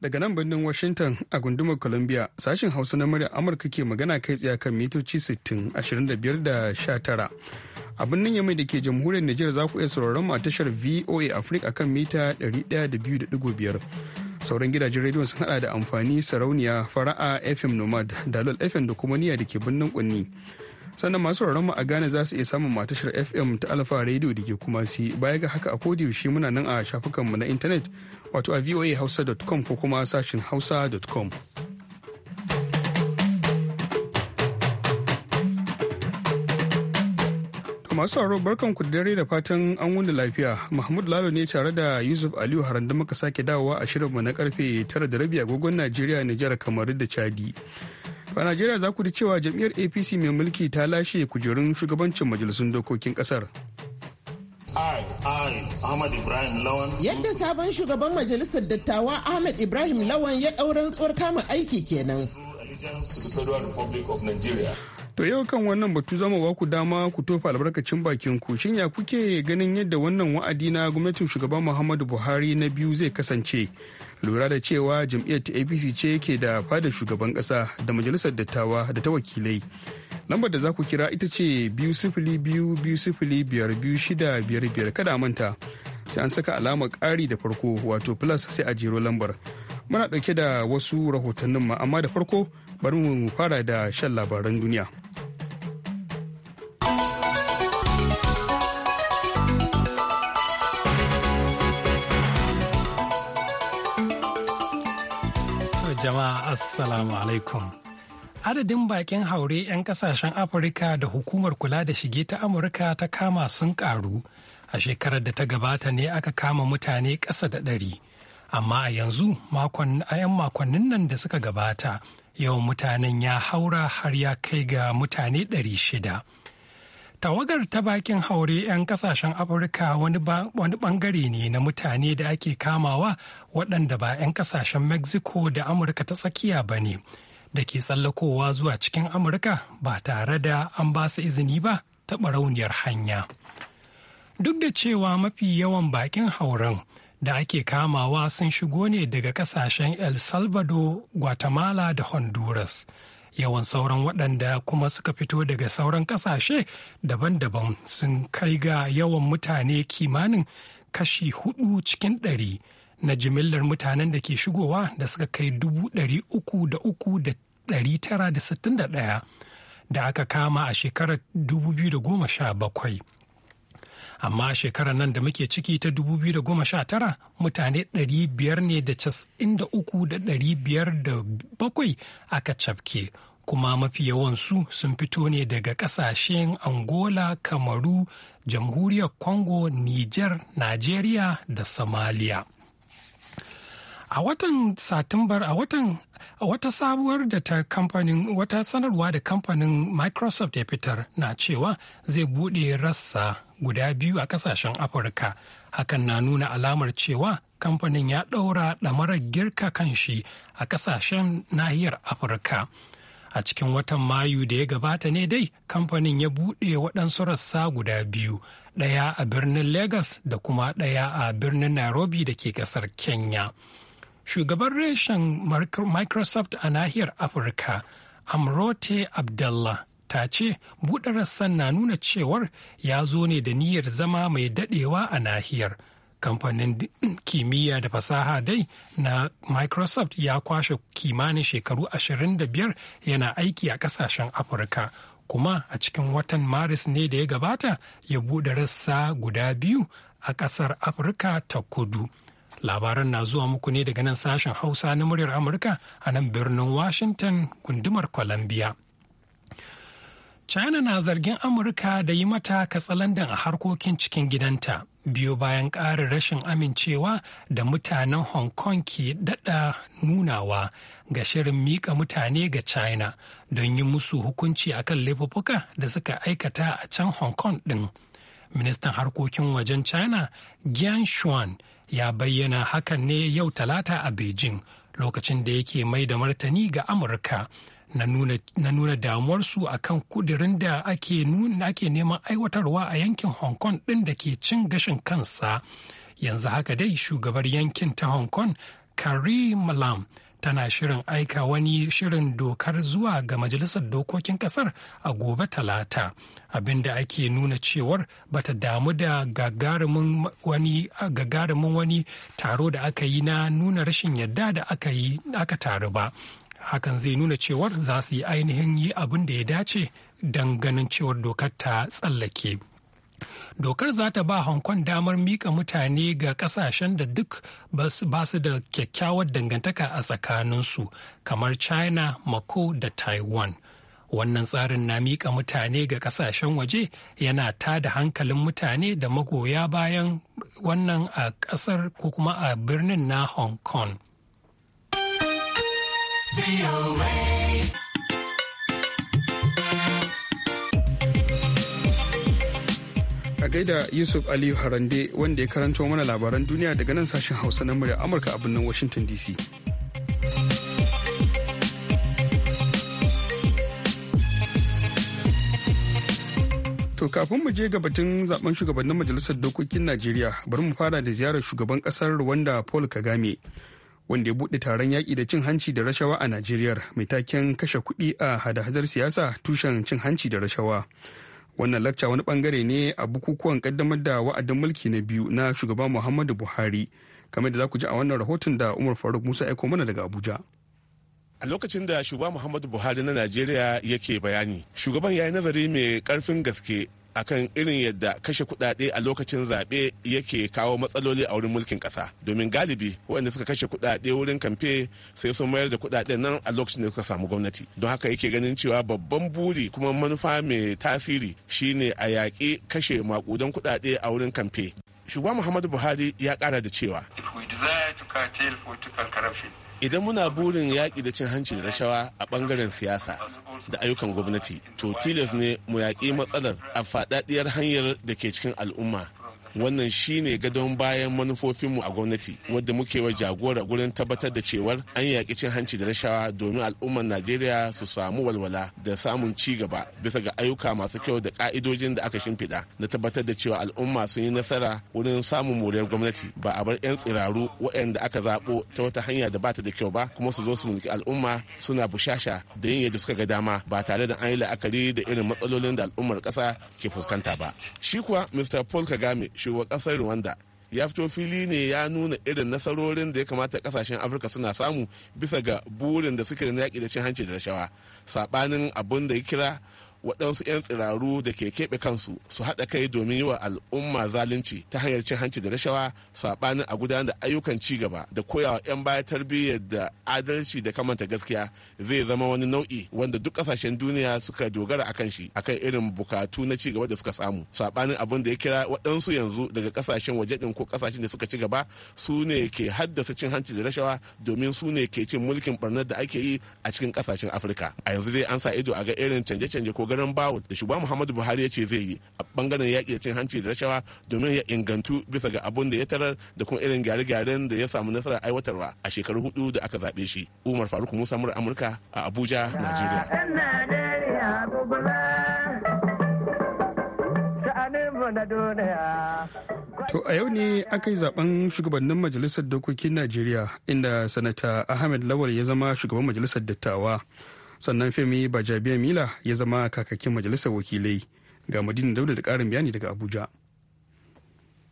Daga nan birnin Washington a gundumar Columbia sashen Hausa na murya Amurka ke magana kai tsaye kan mitoci 60, 25 19. A birnin Yamai da ke jamhuriyar Nijar za ku iya sauraron mu a tashar VOA Africa kan mita 102.5. Sauran gidajen rediyon sun hada da amfani sarauniya fara'a FM Nomad, Dalol FM da kuma niya da ke birnin Kunni. sannan masu mu a Ghana za su iya samun matashar FM ta Alfa Radio da ke kuma si baya ga haka a yaushe muna nan a shafukanmu na intanet wato a voahausa.com ko kuma sashin hausa.com. masu sauraro barkan ku dare da fatan an wuni lafiya mahmud lalo ne tare da yusuf aliyu haran da muka sake dawowa a shirinmu na karfe 9 da rabi agogon najeriya nijar kamaru da chadi a najeriya za ku ji cewa jam'iyyar apc mai mulki ta lashe kujerun shugabancin majalisun dokokin kasar Yadda sabon shugaban majalisar dattawa Ahmad Ibrahim Lawan ya ɗauran tsuwar kama aiki kenan. To yau kan wannan batu zama ba ku dama ku tofa albarkacin bakin ku shin ya kuke ganin yadda wannan wa'adi na gwamnatin shugaban Muhammadu Buhari na biyu zai kasance. lura da cewa jam'iyyar ta apc ce ke da fadar shugaban kasa da majalisar dattawa da ta wakilai lambar da za ku kira ita ce biyu sifili biyu biyu sifili biyar biyu shida kada manta sai an saka alamar ƙari da farko wato plus sai a jero lambar muna ɗauke da wasu rahotannin ma amma da farko bari mu fara da shan labaran duniya. jama'a assalamu alaikum. Adadin bakin haure 'yan kasashen Afirka da hukumar kula da shige ta Amurka ta kama sun karu. A shekarar da ta gabata ne aka kama mutane ƙasa da ɗari. Amma a yanzu a 'yan makonnin nan da suka gabata yawan mutanen ya haura har ya kai ga mutane ɗari shida. tawagar ta bakin haure 'yan kasashen afirka wani bangare ne na mutane da ake kamawa waɗanda ba 'yan kasashen mexico da amurka ta tsakiya ba ne da ke tsallakowa zuwa cikin amurka ba tare da an ba su izini ba ta barauniyar hanya duk da cewa mafi yawan bakin hauren da ake kamawa sun shigo ne daga kasashen el salvador guatemala da honduras yawan sauran waɗanda kuma suka fito daga sauran ƙasashe daban-daban sun kai ga yawan mutane kimanin kashi hudu cikin ɗari na jimillar mutanen da ke shigowa da suka kai dubu ɗari uku da uku da ɗari tara da sittin da ɗaya da aka kama a shekarar dubu biyu da goma sha bakwai. amma shekarar nan da muke ciki ta 2019 mutane 500 ne da bakwai aka cafke kuma mafi yawansu sun fito ne daga kasashen angola kamaru jamhuriyar congo niger nigeria da somalia a watan satumbar a watan wata sabuwar da ta kamfanin wata sanarwa da kamfanin microsoft ya fitar na cewa zai bude rassa guda biyu a kasashen afirka hakan na nuna alamar cewa kamfanin ya ɗaura ɗamarar girka kan shi a kasashen nahiyar afirka a cikin watan mayu da ya gabata ne dai kamfanin ya buɗe waɗansu rassa guda biyu ɗaya a birnin Legas da kuma ɗaya a birnin nairobi da ke ƙasar kenya shugaban reshen microsoft a nahiyar afirka amrote abdallah ta ce buɗe rassan na nuna cewar ya zo ne da niyyar zama mai daɗewa a nahiyar kamfanin kimiyya da fasaha dai na microsoft ya kwashe kimanin shekaru 25 yana aiki a ƙasashen afirka kuma a cikin watan maris ne da ya gabata ya buɗe rassa guda biyu a ƙasar afirka ta kudu Labaran na zuwa muku ne daga nan sashen Hausa na muryar Amurka a nan birnin Washington gundumar Columbia. China na zargin Amurka da yi mata katsalandan a harkokin cikin gidanta biyo bayan ƙarin rashin amincewa da mutanen Hong Kong ke daɗa nunawa ga shirin miƙa mutane ga China don yi musu hukunci akan laifuka da suka aikata a can Hong Kong ɗin. Ministan harkokin wajen China, gian Shuan, ya bayyana hakan ne yau talata a beijing lokacin da yake mai da martani ga amurka na nuna damuwarsu a kan kudirin da ake neman aiwatarwa a yankin hong kong ɗin da ke cin gashin kansa yanzu haka dai shugabar yankin ta hong kong carrie malam tana shirin aika wani shirin dokar zuwa ga majalisar dokokin kasar a gobe talata abinda ake nuna cewar ba ta damu da gagarumin wani gagarumin wani taro da aka yi na nuna rashin yadda da aka yi aka taru ba hakan zai nuna cewar za su yi ainihin yi abin da ya dace don ganin cewar dokar ta tsallake dokar za ta ba hong kong damar mika mutane ga kasashen da duk ba su da kyakkyawar dangantaka a tsakaninsu kamar china mako da taiwan wannan tsarin na mika mutane ga kasashen waje yana ta da hankalin mutane da magoya bayan wannan a kasar ko kuma a birnin na hong kong gai gaida Yusuf Aliyu Harande wanda ya karanto mana labaran duniya daga nan sashen Hausa na murya Amurka a birnin Washington DC. To kafin mu je ga batun zaben shugabannin majalisar dokokin Najeriya bari mu fara da ziyarar shugaban kasar Rwanda Paul Kagame wanda ya buɗe taron yaki da cin hanci da rashawa a Najeriya mai taken kashe kuɗi a hada-hadar siyasa tushen cin hanci da rashawa. wannan lakca wani bangare ne a bukukuwan kaddamar da wa'adin mulki na biyu na shugaba muhammadu buhari kamar da za ku ji a wannan rahoton da umar faruk musa aiko mana daga abuja a lokacin da shugaba muhammadu buhari na najeriya yake bayani shugaban ya yi nazari mai karfin gaske akan irin yadda kashe kudade a lokacin zaɓe yake kawo matsaloli a wurin mulkin kasa domin galibi waɗanda suka kashe kudade wurin kamfe sai sun mayar da kuɗaɗen nan a lokacin da suka samu gwamnati don haka yake ganin cewa babban buri kuma manufa mai tasiri shine a yaƙi kashe makudan kudade a wurin kamfe shugaba muhammadu buhari ya kara da cewa if we desire to curtail political corruption idan muna burin yaƙi da cin hanci da rashawa a ɓangaren siyasa da ayyukan gwamnati to tilas ne mu yaƙi matsalar a faɗaɗiyar hanyar da ke cikin al'umma wannan shine gadon bayan manufofinmu a gwamnati wadda muke wa jagora gurin tabbatar da cewar an yaƙi cin hanci da rashawa domin al'ummar najeriya su samu walwala da samun ci gaba bisa ga ayyuka masu kyau da ka'idojin da aka shimfiɗa na tabbatar da cewa al'umma sun yi nasara wurin samun moriyar gwamnati ba a bar 'yan tsiraru waɗanda aka zaɓo ta wata hanya da bata da kyau ba kuma su zo su mulki al'umma suna bushasha da yin yadda suka ga dama ba tare da an yi la'akari da irin matsalolin da al'ummar ƙasa ke fuskanta ba shi kuwa mr paul kagame shugaban kasar rwanda ya fito fili ne ya nuna irin nasarorin da ya kamata kasashen afirka suna samu bisa ga burin da suke da yaƙi da cin hanci da rashawa saɓanin abun da ya kira waɗansu 'yan tsiraru da ke keɓe kansu su haɗa kai domin yi wa al'umma zalunci ta hanyar cin hanci da rashawa saɓanin a gudanar da ayyukan ci gaba da koyawa 'yan baya tarbiyyar da adalci da kamanta gaskiya zai zama wani nau'i wanda duk ƙasashen duniya suka dogara a kan shi a kan irin bukatu na ci gaba da suka samu saɓanin abin da ya kira waɗansu yanzu daga ƙasashen waje ɗin ko ƙasashen da suka ci gaba su ne ke haddasa cin hanci da rashawa domin su ne ke cin mulkin barnar da ake yi a cikin ƙasashen afirka a yanzu dai an sa ido a ga irin canje-canje ko garan bawo da shugaba muhammadu buhari ya ce zai yi a bangaren yaƙi da cin hanci da rashawa domin ya ingantu bisa ga abun da ya tarar da kuma irin gyare-gyaren da ya samu nasara aiwatarwa a shekaru hudu da aka zaɓe shi umar faruk musa mura amurka a abuja najeriya To a yau ne aka yi zaben shugabannin majalisar dokokin Najeriya inda sanata Ahmed Lawal ya zama shugaban majalisar dattawa. sannan femi bajabiya mila ya zama kakakin majalisar wakilai ga madina dauda da karin bayani daga abuja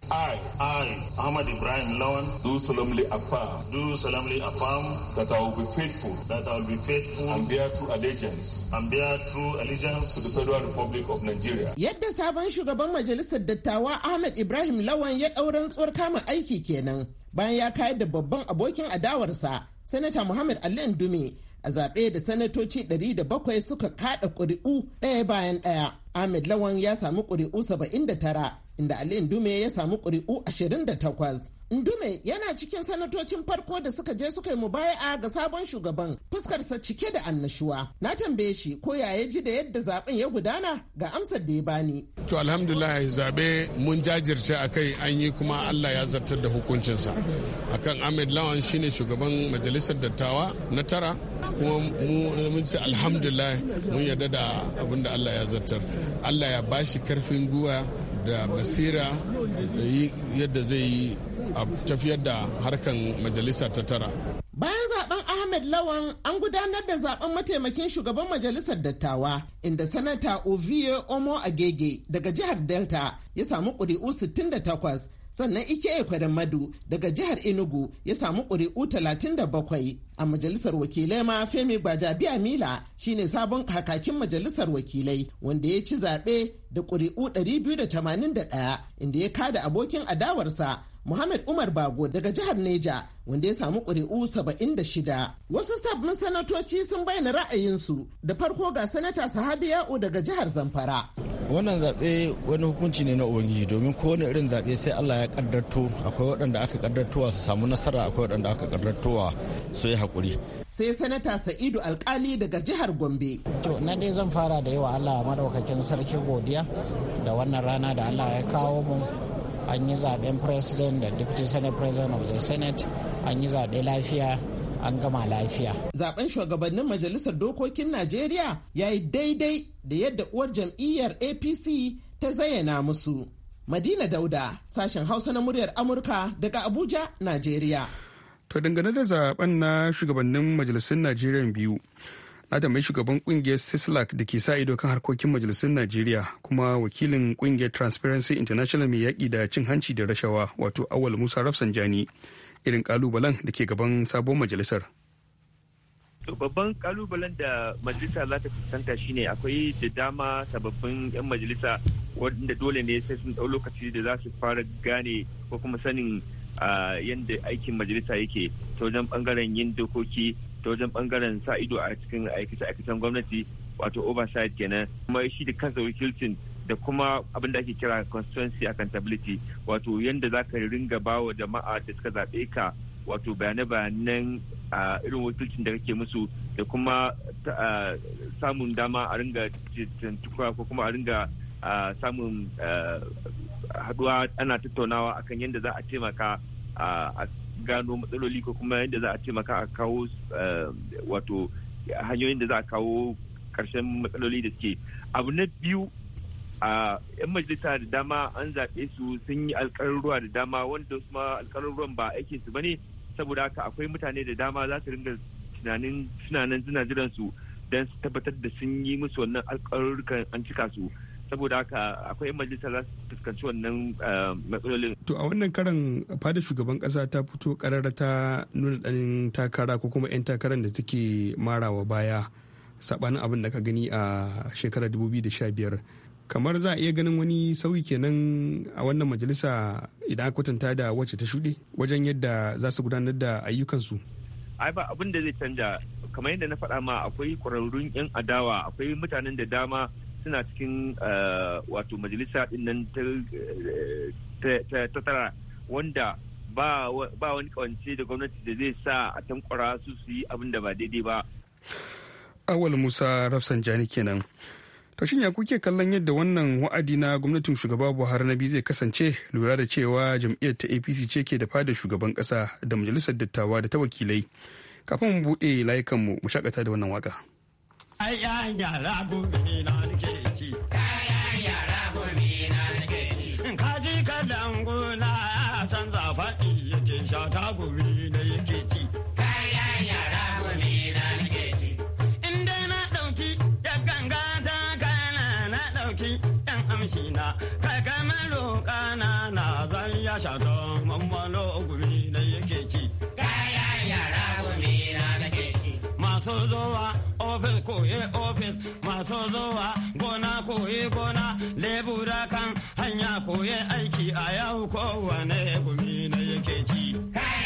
I, I, Ahmad Ibrahim Lawan, do solemnly affirm, do solemnly affirm that I will be faithful, that I will be faithful and bear true allegiance, and bear true allegiance to the Federal Republic of Nigeria. Yadda sabon shugaban majalisar dattawa Ahmad Ibrahim Lawan ya ɗauran tsuwar kama aiki kenan bayan ya kayar da babban abokin adawarsa, Sanata Muhammad Ali Ndume a zaɓe da sanatoci 700 suka kaɗa ƙuri'u ɗaya bayan ɗaya. Ahmed Lawan ya samu ƙuri'u 79 inda Aliyu Dume ya samu ƙuri'u 28. Ndume yana cikin sanatocin farko da suka je suka yi mubaya'a ga sabon shugaban fuskarsa cike da annashuwa. Na tambaye shi ko ya ya ji da yadda zaben ya gudana ga amsar da ya bani. To alhamdulillah zabe mun jajirce a kai an yi kuma Allah ya zartar da hukuncinsa. Akan Ahmed Lawan shine shugaban majalisar dattawa na tara kuma mun ce alhamdulillah mun yarda da abin da Allah ya zartar. Allah ya bashi karfin guwa da basira yadda zai yi a tafiyar da harkan majalisa ta tara bayan zaben ahmed lawan an gudanar da zaben mataimakin shugaban majalisar dattawa inda sanata Oviye omo agege daga jihar delta ya samu ƙuri'u 68 sannan ike kwadan madu daga jihar enugu ya samu ƙuri'u 37 a majalisar wakilai ma femi gbajabiya mila shine sabon kakakin majalisar wakilai wanda ya ci zaɓe da ƙuri'u 281 inda ya kada abokin adawarsa Muhammad Umar Bago daga jihar Neja wanda ya samu ƙuri'u 76. Wasu sabbin sanatoci sun bayyana ra'ayinsu da farko ga sanata Sahabi daga jihar Zamfara. Wannan zaɓe wani hukunci ne na Ubangiji domin kowane irin zaɓe sai Allah ya ƙaddarto akwai waɗanda aka ƙaddartowa su samu nasara akwai waɗanda aka ƙaddartowa su yi haƙuri. Sai sanata Sa'idu Alƙali daga jihar Gombe. To na dai zan fara da yawa Allah madaukakin sarki godiya da wannan rana da Allah ya kawo mu an yi zaben president da deputy senate president of the senate an yi zaɓe lafiya an gama lafiya. Zaben shugabannin majalisar dokokin Najeriya ya yi daidai da yadda uwar jam'iyyar APC ta zayyana musu. Madina Dauda, sashen Hausa na muryar Amurka daga Abuja, Najeriya. To dangane da zaben na shugabannin Majalisar Najeriya biyu, na mai shugaban kungiyar sislak da ke sa ido kan harkokin majalisun najeriya kuma wakilin kungiyar transparency international mai yaƙi da cin hanci da rashawa wato awal musa rafsanjani irin kalubalen da ke gaban sabon majalisar babban kalubalen da majalisa za ta fuskanta shine akwai da dama sababbin 'yan majalisa wadanda dole ne sai sun ɗau lokaci da za su fara gane ko kuma sanin ah, yadda aikin majalisa yake ta wajen bangaren yin dokoki ta wajen bangaren sa ido a cikin aikace-aikacen gwamnati wato oversight kenan kuma shi da kansa wakilcin da kuma abin da ake kira constituency accountability wato yadda za ka ringa bawa jama'a da suka zaɓe ka wato bayane-bayanen irin wakilcin da kake musu da kuma samun dama a ringa tuntuka ko kuma a ringa samun haduwa ana tattaunawa akan yadda za a taimaka a gano matsaloli ko kuma yadda za a taimaka a kawo eh, wato hanyoyin da za a kawo karshen matsaloli da suke abu na biyu a yan majalisa da dama an zaɓe su sun yi alƙarurruwa da dama wanda su ma alƙarurruwan ba aikin su bane saboda haka akwai mutane da dama za su ringa tunanin suna nan suna jiran su don su tabbatar da sun yi musu wannan alƙarurrukan an cika su saboda haka akwai yan majalisa za su fuskanci wannan eh, matsalolin. To a wannan karan fada shugaban kasa ta fito karara ta nuna ɗan takara ko kuma 'yan takarar da take marawa baya sabanin abin da ka gani a shekarar 2015 kamar za a iya ganin wani sauyi kenan a wannan majalisa idan kwatanta da wacce ta shuɗe wajen yadda za su gudanar da ayyukansu. Ai ba abin da zai canja kamar yadda na faɗa ma akwai ƙwararrun 'yan adawa akwai mutanen da dama suna cikin eh, wato majalisa din nan eh, ta tara wanda ba wani kawance da gwamnati da zai sa a tankwara su su yi abin da ba daidai ba. Awal Musa Rafsanjani kenan. To ya kuke kallon yadda wannan wa'adi na gwamnatin shugaba Buhari na biyu zai kasance lura da cewa jam'iyyar ta APC ce ke da fada shugaban kasa da majalisar dattawa da ta wakilai. Kafin mu buɗe layukanmu mu shakata da wannan waka. Ai ya ne na ta shata mammano gumi na yake ci. Kaya yara gumi na nake ci. Masu zowa ofis koye ofis masu zowa gona koye gona lebura kan hanya koye aiki a yau kowane gumi na yake ci. Kaya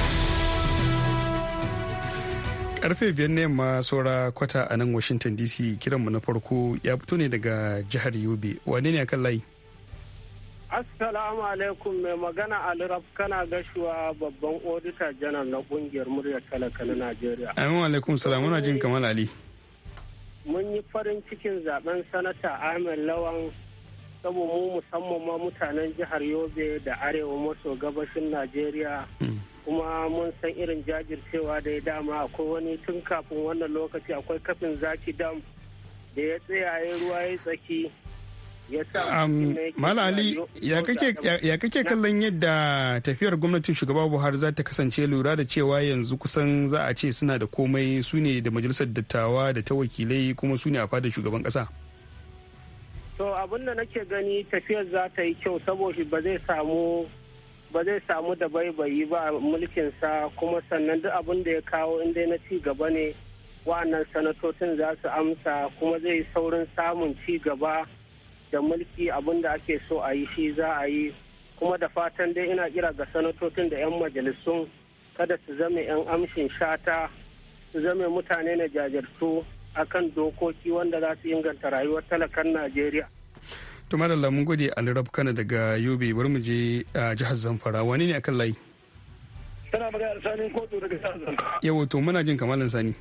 karfe biyar ne ma saura kwata a nan washington dc kiranmu na farko ya fito ne daga jihar yobe wane ne akan layi assalamu alaikum mai magana alirab kana gashuwa babban odita janar na kungiyar murya talaka najeriya amin alaikum salamu na jin kamar ali mun yi farin cikin zaben sanata ahmed lawan saboda mu musamman ma mutanen jihar yobe da arewa maso gabashin najeriya hmm. kuma mun san irin jajircewa da ya dama akwai wani tun kafin wannan lokaci akwai kafin zaki dam da ya tsayaye ruwa ya tsaki Mala Ali ya kake kallon yadda tafiyar gwamnatin shugaba Buhari za ta kasance lura da cewa yanzu kusan za a ce suna da komai su ne da majalisar dattawa da ta wakilai kuma su ne a fadar shugaban kasa. To abin da nake gani tafiyar za ta yi kyau saboda ba zai samu ba zai samu da baibayi ba a mulkinsa kuma sannan duk abin da ya kawo inda na ci gaba ne wa'annan sanatocin za su amsa kuma zai saurin samun ci gaba da mulki abin da ake so a yi shi za a yi kuma da fatan dai ina kira ga sanatocin da 'yan majalisun kada su zame 'yan amshin shata su zame mutane na jajirtu akan dokoki wanda za su inganta rayuwar talakan najeriya tumar da mun gode alirab kana daga yobe bari mu je a jihar zamfara wani ne akan layi tana magana sani kotu daga jihar zamfara yawo to muna jin kamalan sani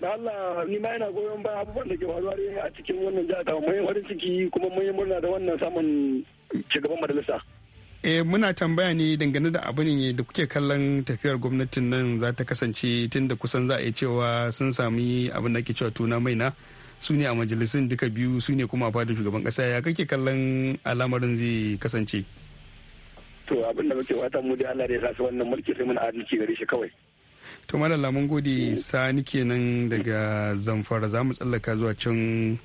da Allah ni ma yana goyon ba abubuwan da ke faruwa ne a cikin wannan jihar ta mai farin ciki kuma mun yi murna da wannan samun shugaban majalisa eh muna tambaya ne dangane da abin ne da kuke kallon tafiyar gwamnatin nan za ta kasance tun da kusan za a yi cewa sun sami abin da ke cewa tuna mai na su ne a majalisun duka biyu su ne kuma a fadin shugaban kasa ya kake kallon al'amarin zai kasance to abin da muke wata mu da Allah da ya sa wannan mulki sai mun adalci gare shi kawai to malalla mun gode sani kenan daga zamfara za mu tsallaka zuwa can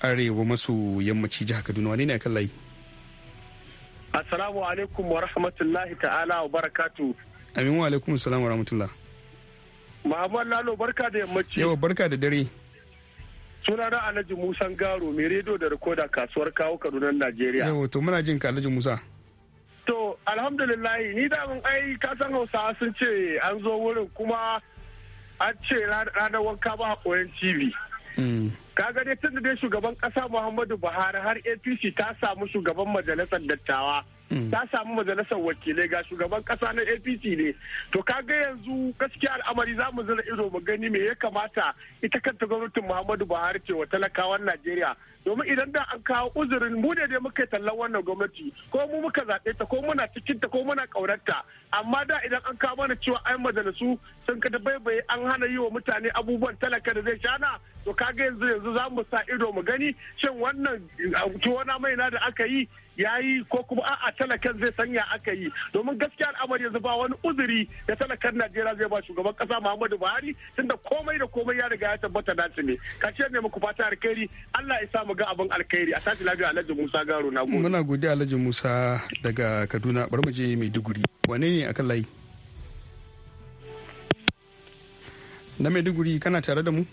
arewa maso yammaci jihar kaduna wani ne kan layi assalamu alaikum wa rahmatullahi ta'ala wa barakatu amin wa alaikum assalam wa rahmatullah Muhammad Lalo barka da yammaci. Yawa barka da dare. sunana alhaji musan garo mai rediyo da rikoda kasuwar kawo kaduna najeriya yawo to muna jin ka alhaji musa to alhamdulillahi ni da mun ai kasan san hausawa sun ce an zo wurin kuma an ce ranar wanka ba a koyan cibi mm. ka ga dai tun da dai shugaban kasa muhammadu buhari har apc ta samu shugaban majalisar dattawa Mm. ta samu majalisar wakilai ga shugaban kasa na apc ne to kaga yanzu gaskiya al'amari za mu zana ido mu gani me ya kamata ita kanta gwamnatin muhammadu buhari ce wa talakawan najeriya domin idan da an kawo uzurin mu ne dai muka tallan wannan gwamnati ko mu muka zaɓe ta ko muna cikin ta ko muna ƙaunarta amma da idan an kawo mana cewa ai majalisu sun kada baibaye an hana yi wa mutane abubuwan talaka da zai shana to kaga yanzu yanzu za mu sa ido mu gani shin wannan uh, tuwana mai na da aka yi ya yi ko kuma a'a talakan zai sanya aka yi domin gaskiya al'amari yanzu ba wani uzuri da talakan najeriya zai ba shugaban kasa muhammadu buhari tunda komai da komai ya riga ya tabbata nasu ne kashe ne muku fata alkhairi allah ya sa mu ga abin alkhairi a tashi lafiya Alhaji Musa Garo na gode. Muna Alhaji Musa daga Kaduna barmuje mu je Maiduguri. Wane ne akan layi? Na Maiduguri kana tare da mu?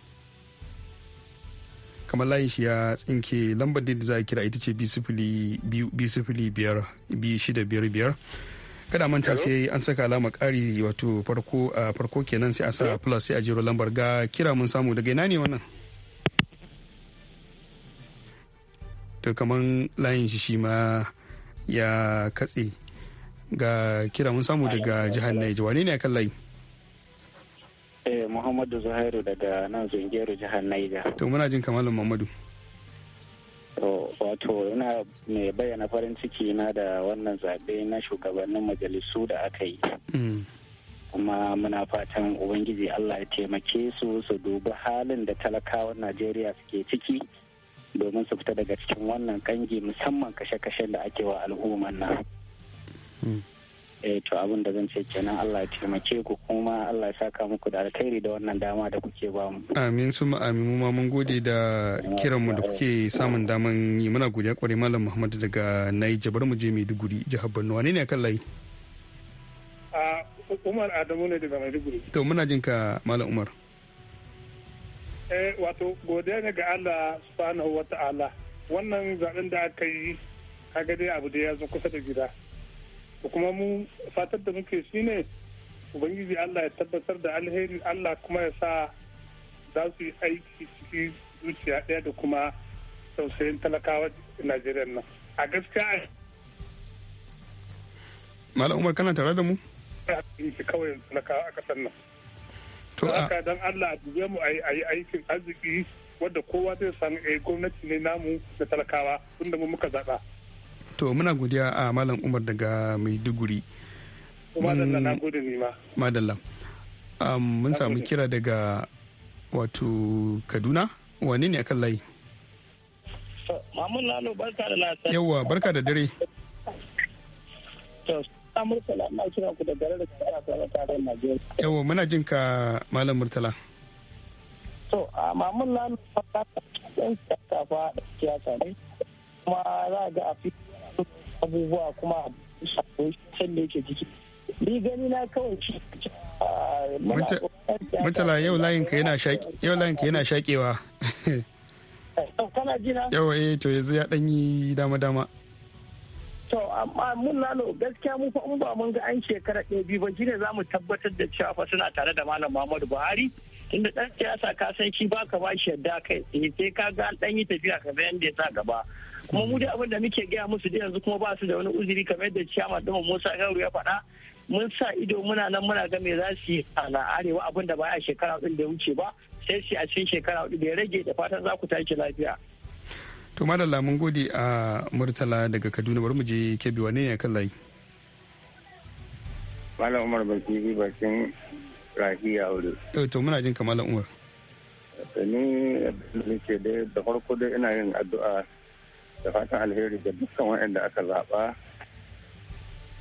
kamar layin shi ya tsinke lambar da za a kira ita ce biyar kada manta sai an saka alama ƙari wato farko kenan sai a sa plus sai a jiro lambar ga kira mun samu daga ina ne wannan to kaman layin shi shi ma ya katse ga kira mun samu daga jihar Niger wane ne kan layi eh Muhammadu Zuhairu daga nan Zungeru jihar Niger to muna jin kamalin Muhammadu wato ina mai bayyana farin ciki na da wannan zaɓe na shugabannin majalisu da aka yi mm. kuma muna fatan ubangiji allah ya taimake su su dubi halin da talakawan najeriya suke ciki domin su fita daga cikin wannan kangi musamman kashe-kashen da ake wa al'ummar nan. Hmm. Eh, to abin da zan ce kenan Allah ya taimake ku kuma Allah ya saka muku da alkhairi da wannan dama da kuke ba mu amin su amin mu ma mun gode da kiran mu da kuke samun daman yi muna godiya kware malam Muhammad daga Naija bari mu je Maiduguri jihar Borno wane ne akan layi ah, Umar Adamu ne daga Maiduguri to muna jin ka malam Umar Eh, wato godiya ne ga Allah subhanahu wa ta'ala wannan zaben da aka yi kaga dai abu da ya zo kusa da gida kuma mu fatar da muke shi ne ubangiji Allah ya tabbatar da alheri Allah kuma ya sa za su yi aiki ciki zuciya ɗaya da kuma tausayin talakawa Najeriya nan a gaskiya Malam Umar kana tare da mu? Kawai talakawa a ƙasar nan. To haka dan Allah a dube mu ayi ayi aikin arziki wanda kowa zai san eh gwamnati ne namu da talakawa tunda mu muka zaba. To muna godiya a Malam Umar daga Maiduguri. Madalla na gode ni ma. Madalla. mun samu kira daga wato Kaduna wani ne akan layi? Mamun Lalo barka da lasa. Yawwa barka da dare. Murtala ina kira ku da kaya tarayyar Najeriya. Yawo muna jin ka Malam Murtala. To a mamun lalu ɗan sakafa da siyasa ne kuma za ga a abubuwa kuma a da yake jiki. Ni gani na kawai Murtala yau layin ka yana shaƙewa. Eh, kana jina? eh to yanzu ya ɗan yi dama-dama. To amma mun lalo gaskiya mu fa ba mun ga an shekara ɗaya biyu ba ne za mu tabbatar da cewa fa suna tare da Malam Muhammadu Buhari tunda ɗan siyasa ka san shi ba ka ba shi yadda kai sai ka ga ɗan yi tafiya ka ga da ya sa gaba. Kuma mu da abin da muke gaya musu da yanzu kuma ba su da wani uzuri kamar yadda ciyama ɗin Musa Gauru ya faɗa mun sa ido muna nan muna ga me za su yi a na arewa abin da ba a shekara ɗin da ya wuce ba sai su a cikin shekara hudu da ya rage da fatan za ku tashi lafiya. to da mun gode a murtala daga kaduna bari mu je kebbi wane ne kan layi malam umar bakiri bakin rahiya aure eh, to muna jin ka umar eh, ni ke da da farko da ina yin addu'a da fatan alheri da dukkan waanda aka zaba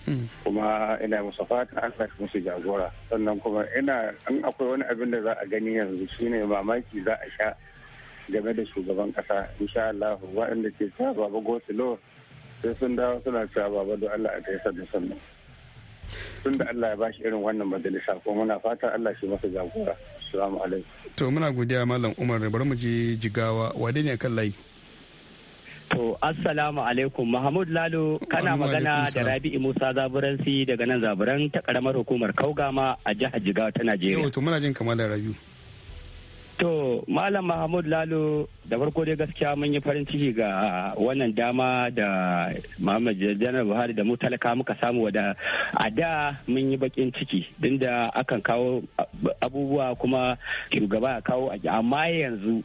hmm. kuma ina musu fatan Allah ya musu jagora sannan kuma ina an akwai wani abin da za a gani yanzu shine mamaki za a sha game da shugaban kasa insha Allah waɗanda ke cewa baba gosilo sai sun dawo suna cewa baba don Allah a taisa da sannan tun da Allah ya ba shi irin wannan majalisa ko muna fata Allah shi masa jagora assalamu alaikum to muna godiya mallam Umar bari mu je jigawa wade ne kan layi To, Assalamu alaikum, Mahmud Lalo, kana magana da Rabi'u Musa Zaburansi daga nan Zaburan ta karamar hukumar Kaugama a jihar Jigawa ta Najeriya. Yau, to muna jin kamar da Rabi'u. To Malam Mahmud Lalo da farko dai gaskiya mun yi farin ciki ga wannan dama da Muhammad Janar Buhari da mu talaka muka samu da a da mun yi bakin ciki din da akan kawo abubuwa kuma shugaba ya kawo amma yanzu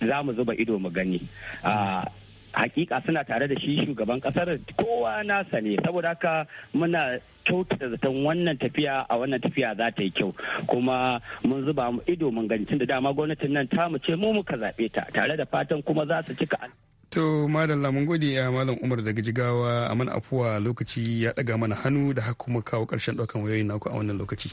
za mu zuba ido mu gani. Ah, hakika suna tare da shi shugaban kasar kowa nasa ne saboda haka muna kyautata zaton wannan tafiya a wannan tafiya za ta yi kyau kuma mun zuba mu ido mun gani tunda da dama gwamnatin nan ta mu ce mu muka zaɓe ta tare da fatan kuma za su cika To madalla mun gode ya malam Umar daga Jigawa a mana afuwa lokaci ya ɗaga mana hannu da haka kuma kawo karshen ɗaukan wayoyin naku a wannan lokaci.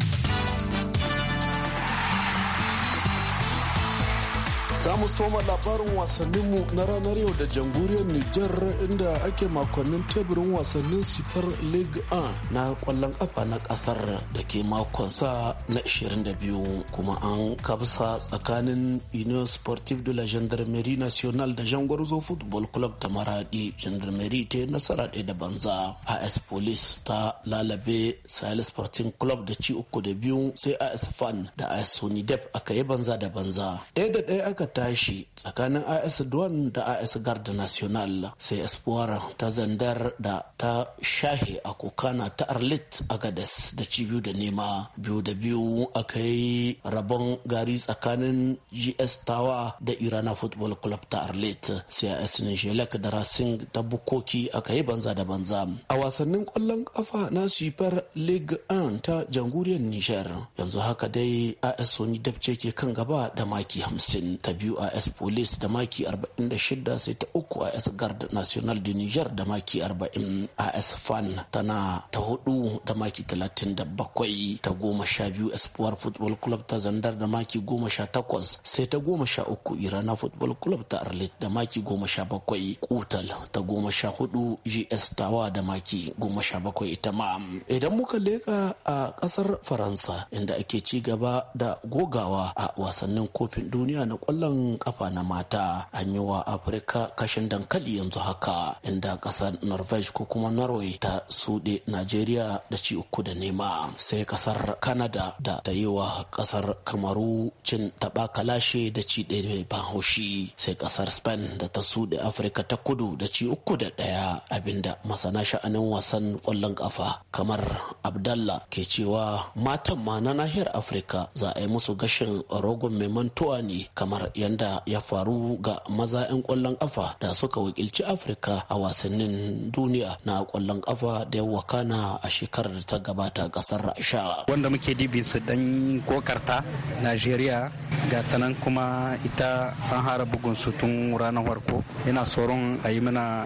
Samu soma labarin wasanninmu na ranar yau da jamhuriyar Nijar inda ake makonnin teburin wasannin super League A na kwallon kafa na kasar da ke makonsa na 22 kuma an kabsa tsakanin Union Sportive de la Gendarmerie Nationale da Jangwarzo Football Club ta Maradi. Gendarmerie ta nasara ɗaya da banza. AS Police ta lalabe Sahel Sporting Club da ci uku da biyu sai AS Fan da AS Sonidep aka yi banza da banza. Ɗaya da ɗaya aka tashi tsakanin AS Duwan da AS Garda National sai Espoir ta zandar da ta shahe a kokana ta Arlit Agades da ci biyu da nema biyu da biyu aka yi rabon gari tsakanin GS Tawa da Irana Football Club ta Arlit sai AS Nijelek da Racing ta Bukoki aka yi banza da banza. A wasannin kwallon kafa na Super League 1 ta jamhuriyar Nijar yanzu haka dai AS Sony Dabce ke kan gaba da maki hamsin ta biyu a s police da maki 46 sai ta uku a s guard national de niger da maki 40 a s fan tana ta hudu da maki 37 ta goma sha biyu espoir football club ta zandar da maki goma sha takwas sai ta goma sha uku irana football club ta arlet da maki goma sha bakwai kutal ta goma sha hudu gs tawa da maki goma sha bakwai ita ma idan muka leka a kasar faransa inda ake ci gaba da gogawa a wasannin kofin duniya na kwallon kan kafa na mata an yi wa afirka kashin dankali yanzu haka inda kasar norvege ko kuma norway ta suɗe najeriya da ci uku da nema sai kasar canada da ta yi wa kasar kamaru cin taɓa kalashe da ci ɗaya mai ban haushi sai kasar spain da ta suɗe afirka ta kudu da ci uku da ɗaya abinda masana sha'anin wasan kwallon kafa kamar abdallah ke cewa matan ma na nahiyar afirka za a yi musu gashin rogon mai mantuwa ne kamar yanda ya faru ga maza 'yan kwallon kafa da suka wakilci afirka a wasannin duniya na kwallon kafa da ya wakana a shekarar da ta gabata kasar rasha wanda muke dibin su dan kokarta najeriya ga tanan kuma ita an hara bugun su tun ranar farko ina tsoron a yi mana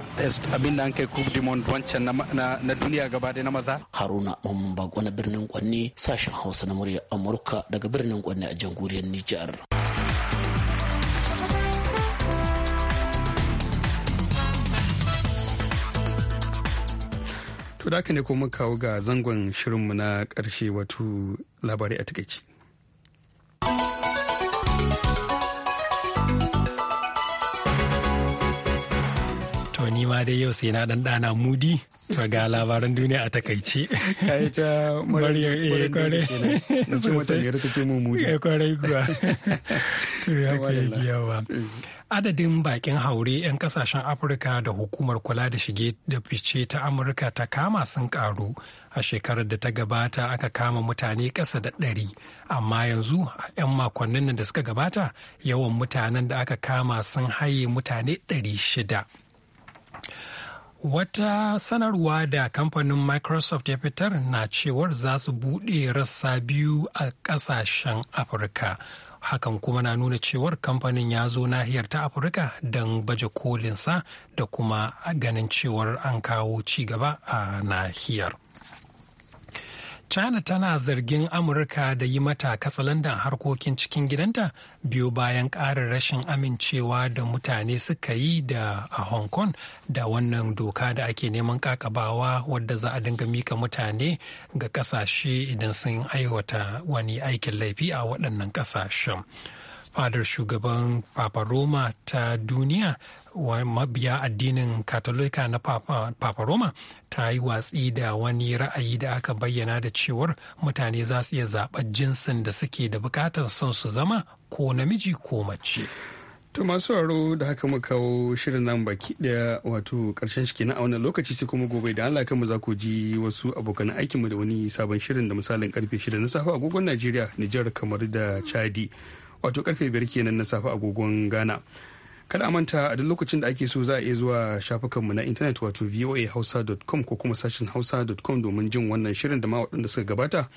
abinda an kai coupe du monde wancan na duniya gaba na maza haruna mamman na birnin kwanne sashen hausa na murya amurka daga birnin kwanne a jamhuriyar nijar To da ne kuma kawo ga zangon shirinmu na ƙarshe wato labarai a takaici. To ni ma dai yau sai na dan dana mudi to ga labaran duniya a takaici. Kai ta murya eh, kwarai. Na ce mutane ta ce mu mudi. Eh, kwarai kuwa. To ya ke yawa. adadin bakin haure 'yan kasashen afirka da hukumar kula da shige da fice ta amurka ta kama sun karu a shekarar da ta gabata aka kama mutane ƙasa da ɗari amma yanzu a 'yan makonnin da suka gabata yawan mutanen da aka kama sun haye mutane ɗari shida Wata sanarwa da kamfanin Microsoft ya fitar na cewar za su buɗe rassa biyu a ƙasashen Afirka. hakan kuma na nuna cewar kamfanin ya zo nahiyar ta afirka don baje kolinsa da kuma ganin cewar an kawo ci gaba a nahiyar China tana zargin Amurka da yi mata katsalandan harkokin cikin gidanta biyu bayan ƙarin rashin amincewa da mutane suka yi da a Hong Kong da wannan doka da ake neman kakabawa wadda za a dinga mika mutane ga ƙasashe idan sun aiwata wani aikin laifi a waɗannan ƙasashen. fadar shugaban papa roma ta duniya mabiya addinin katolika na papa roma ta yi watsi da wani ra'ayi da aka bayyana da cewar mutane za su iya zaɓar jinsin da suke da bukatar son su zama ko namiji ko mace To masu sauraro da haka mu kawo shirin nan baki daya wato karshen shi na a wannan lokaci sai kuma gobe da Allah kanmu za ku ji wasu abokan aikinmu da wani sabon shirin da misalin karfe shida na safe agogon Najeriya, Nijar, kamar da Chadi. wato karfe biyar kenan na safe agogon ghana kada a manta a duk lokacin da ake so za a iya zuwa shafukanmu na intanet wato voahausa.com ko kuma sashen hausa.com domin jin wannan shirin da ma waɗanda suka gabata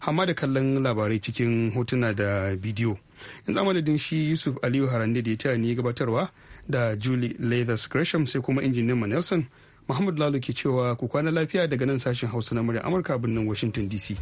hamma da kallon labarai cikin hotuna da bidiyo yanzu amadadin shi yusuf aliyu harande da ya taya ni gabatarwa da julie leathers gresham sai kuma injiniyan ma nelson muhammad lalo ke cewa ku kwana lafiya daga nan sashen hausa na murya amurka birnin washington dc